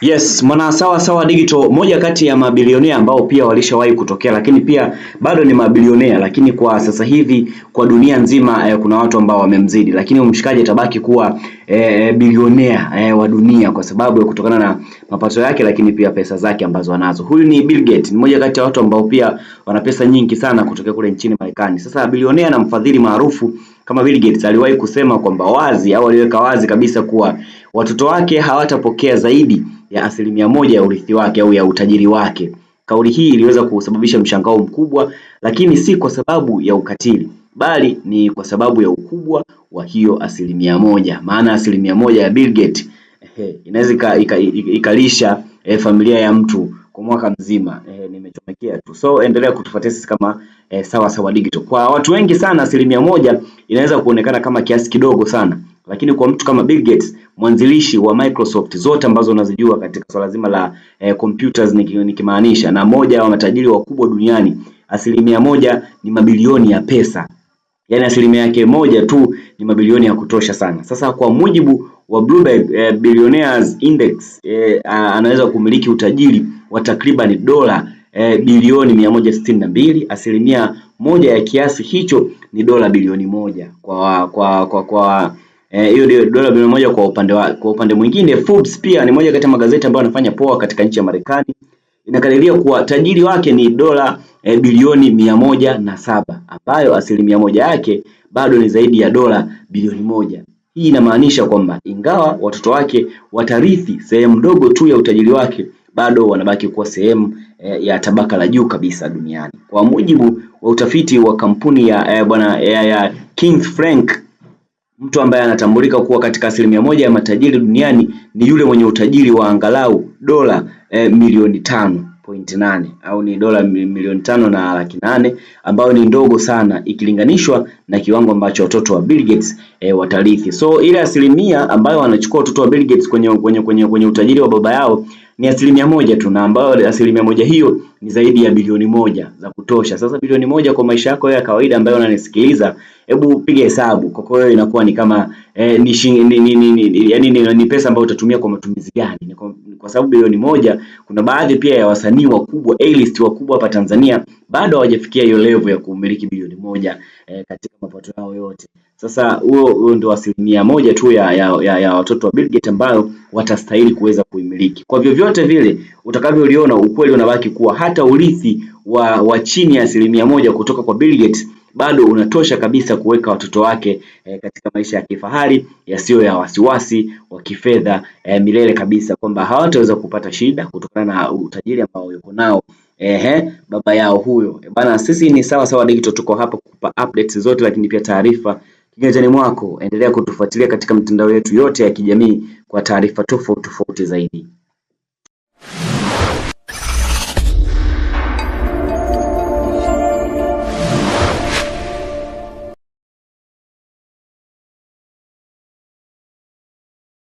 Yes, mwana sawa sawa digital, moja kati ya mabilionea ambao pia walishawahi kutokea, lakini pia bado ni mabilionea, lakini kwa sasa hivi kwa dunia nzima eh, kuna watu ambao wamemzidi, lakini mshikaji atabaki kuwa eh, eh bilionea eh, wa dunia kwa sababu ya kutokana na mapato yake, lakini pia pesa zake ambazo anazo. Huyu ni Bill Gates, ni moja kati ya watu ambao pia wana pesa nyingi sana kutokea kule nchini Marekani. Sasa bilionea na mfadhili maarufu kama Bill Gates aliwahi kusema kwamba wazi au aliweka wazi kabisa kuwa watoto wake hawatapokea zaidi ya asilimia moja ya urithi wake au ya utajiri wake. Kauli hii iliweza kusababisha mshangao mkubwa, lakini si kwa sababu ya ukatili, bali ni kwa sababu ya ukubwa wa hiyo asilimia moja. Maana asilimia moja ya Bill Gates inaweza ikalisha eh, familia ya mtu kwa mwaka mzima. Eh, nimechomekea tu, so endelea kutufuatia sisi kama eh, sawa Digital. Kwa watu wengi sana asilimia moja inaweza kuonekana kama kiasi kidogo sana, lakini kwa mtu kama Bill Gates, mwanzilishi wa Microsoft zote ambazo unazijua katika swala zima la eh, computers nikimaanisha, na moja wa matajiri wakubwa duniani, asilimia moja ni mabilioni ya pesa, yaani asilimia yake moja tu ni mabilioni ya kutosha sana. Sasa kwa mujibu wa Bloomberg eh, Billionaires Index eh, anaweza kumiliki utajiri wa takriban dola eh, bilioni mia mbili. Asilimia moja ya kiasi hicho ni dola bilioni moja kwa kwa kwa, kwa Eh, hiyo e, dola bilioni moja kwa upande wa, kwa upande mwingine Forbes pia ni moja kati ya magazeti ambayo yanafanya poa katika nchi ya Marekani. Inakadiria kuwa tajiri wake ni dola e, bilioni mia moja na saba ambayo asilimia moja yake bado ni zaidi ya dola bilioni moja. Hii inamaanisha kwamba ingawa watoto wake watarithi sehemu ndogo tu ya utajiri wake bado wanabaki kuwa sehemu e, ya tabaka la juu kabisa duniani. Kwa mujibu wa utafiti wa kampuni ya, e, bwana, ya, ya King Frank Mtu ambaye anatambulika kuwa katika asilimia moja ya matajiri duniani ni yule mwenye utajiri wa angalau dola eh, milioni tano point nane au ni dola milioni tano na laki nane ambayo ni ndogo sana ikilinganishwa na kiwango ambacho watoto wa Bill Gates eh, watarithi. So ile asilimia ambayo wanachukua watoto wa Bill Gates kwenye, kwenye, kwenye, kwenye utajiri wa baba yao ni asilimia moja tu, na ambayo asilimia moja hiyo ni zaidi ya bilioni moja za kutosha. Sasa bilioni moja kwa maisha yako ya kawaida ambayo unanisikiliza, hebu piga hesabu kwa wewe, inakuwa ni kama eh, ni, ni, ni, ni, ni, ni, ni, ni pesa ambayo utatumia kwa matumizi gani? kwa sababu bilioni moja, kuna baadhi pia ya wasanii wakubwa A-list wakubwa hapa Tanzania bado hawajafikia hiyo level ya kumiliki bilioni moja e, katika mapato yao yote. Sasa huo huo ndio asilimia moja tu ya, ya, ya, ya watoto wa Bill Gates ambayo watastahili kuweza kuimiliki. Kwa vyovyote vile utakavyoliona, ukweli unabaki kuwa hata urithi wa, wa chini ya asilimia moja kutoka kwa Bill Gates bado unatosha kabisa kuweka watoto wake eh, katika maisha ya kifahari yasiyo ya wasiwasi wa kifedha eh, milele kabisa, kwamba hawataweza kupata shida kutokana na utajiri ambao yuko nao ehe, baba yao huyo. Eh, bana, sisi ni sawa sawa digital, tuko hapa kupa updates zote, lakini pia taarifa kiganjani mwako. Endelea kutufuatilia katika mitandao yetu yote ya kijamii kwa taarifa tofauti tofauti zaidi.